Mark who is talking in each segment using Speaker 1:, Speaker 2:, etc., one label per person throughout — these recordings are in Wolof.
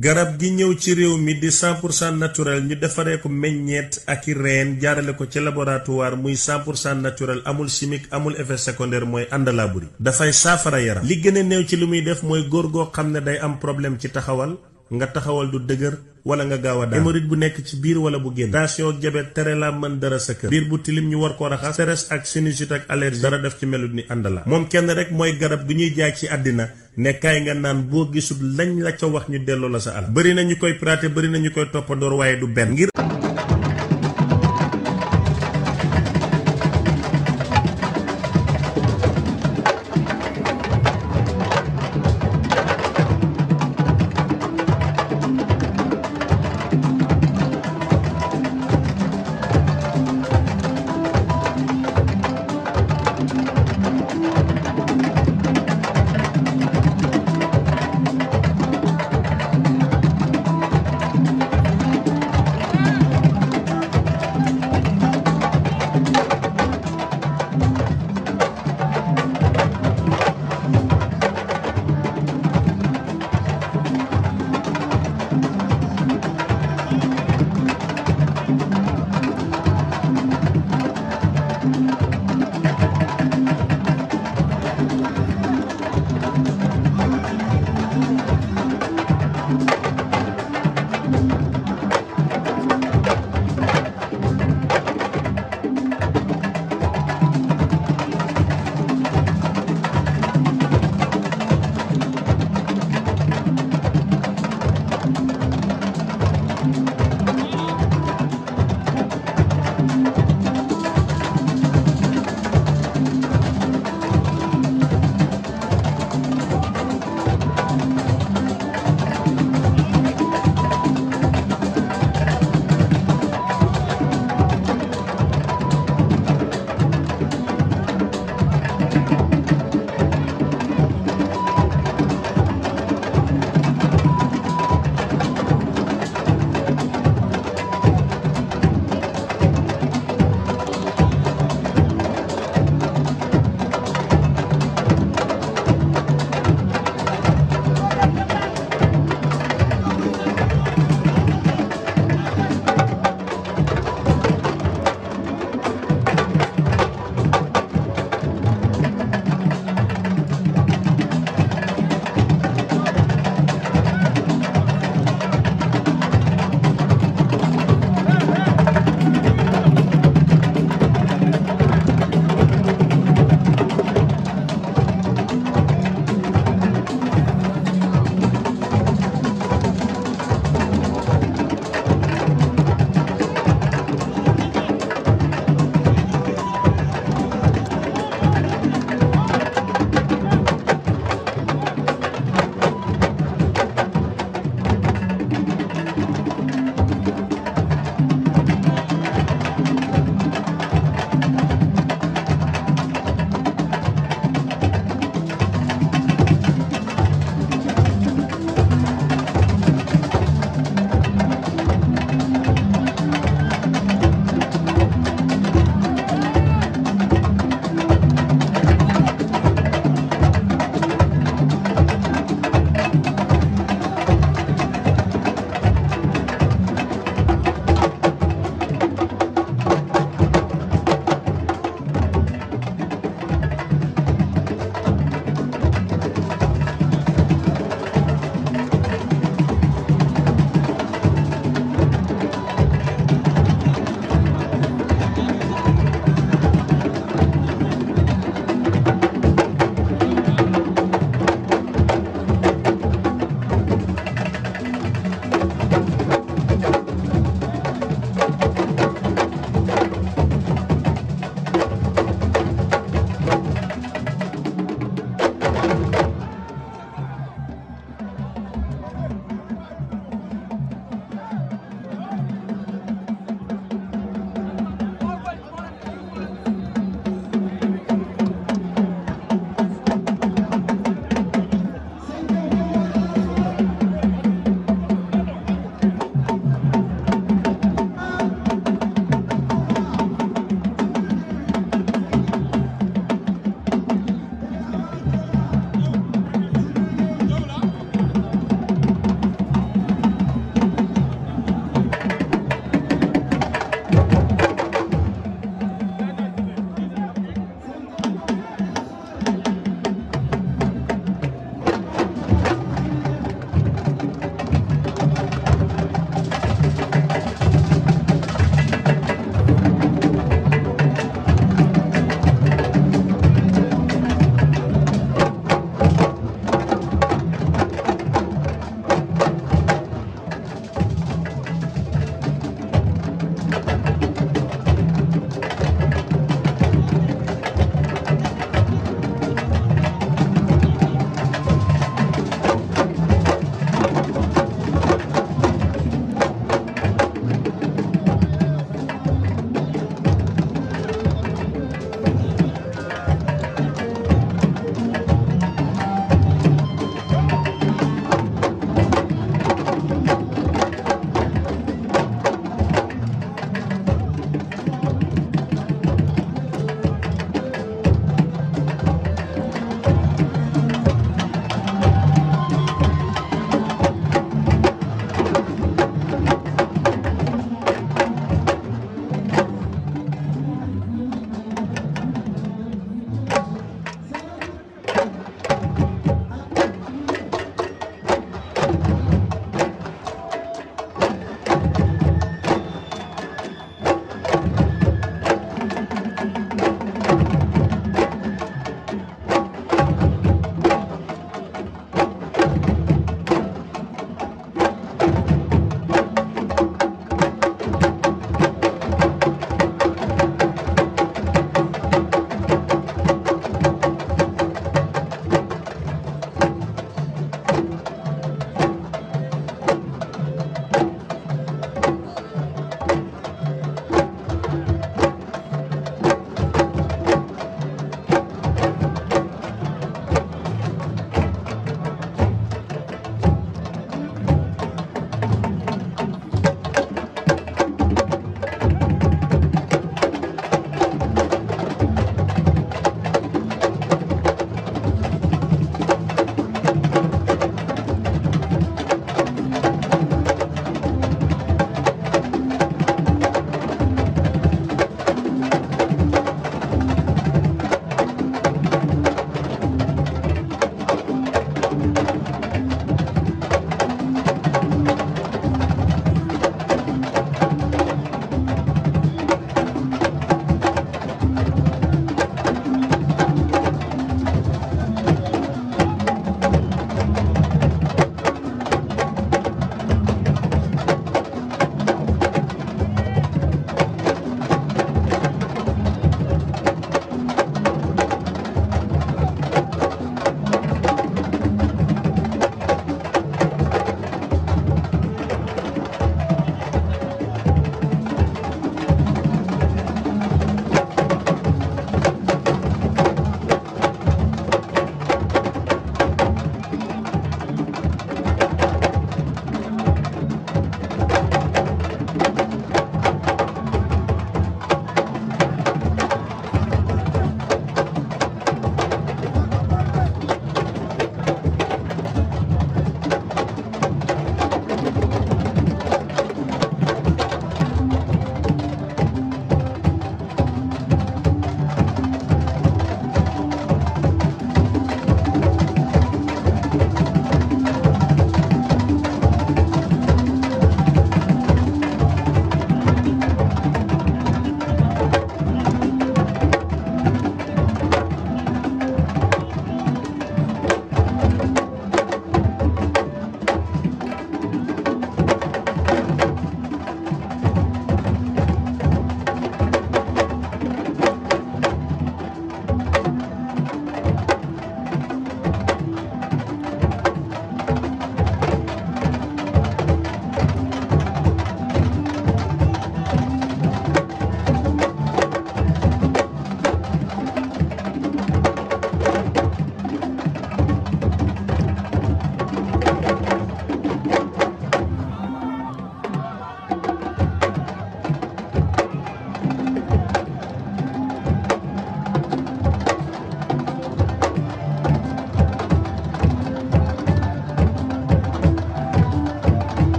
Speaker 1: garab gi ñëw ci réew mi di 100 pour cent naturel ñu defaree ko meññeet ak i reen jaarale ko ci laboratoire muy 100 pour cent naturel amul chimique amul effet secondaire mooy àndalaaburi dafay saafara yaram li gën a néew ci li muy def mooy góor goo xam ne day am problème ci taxawal nga taxawal du dëgër wala nga gaawa a daan hémorroïde bu nekk ci biir wala bu génn tension ak tere la mën dara sa kër biir bu tilim ñu war koo raxas stress ak sinusite ak allergie dara def ci melut ni àndala moom kenn rek mooy garab gi ñuy jaay ci àddina ne kaay nga naan boo gisul lañ la ca wax ñu delloo la sa alal bëri na ñu koy praté bari na ñu koy toppandoor waaye du benn ngir Thank you.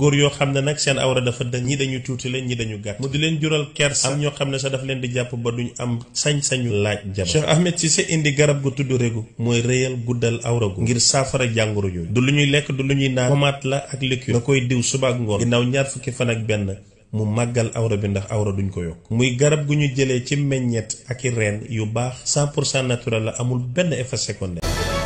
Speaker 1: góor yoo xam ne nag seen awra dafa dañ ñi dañu tuuti leen ñi dañu gàtt mu di leen jural kersa am ñoo xam ne sa daf leen di jàpp ba duñ am sañ-sañu laaj jabar Cheikh Ahmed Cissé indi garab gu tudd régu mooy réyal guddal awra gu ngir saafara jàngoro yooyu du lu ñuy lekk du lu ñuy naan pomaat la ak liqueur nga koy diw suba ak ngoon ginnaaw ñaar fukki fan ak benn mu màggal awra bi ndax awra duñ ko yokk muy garab gu ñu jëlee ci meññeet ak i reen yu baax 100 pour cent naturel la amul benn effet secondaire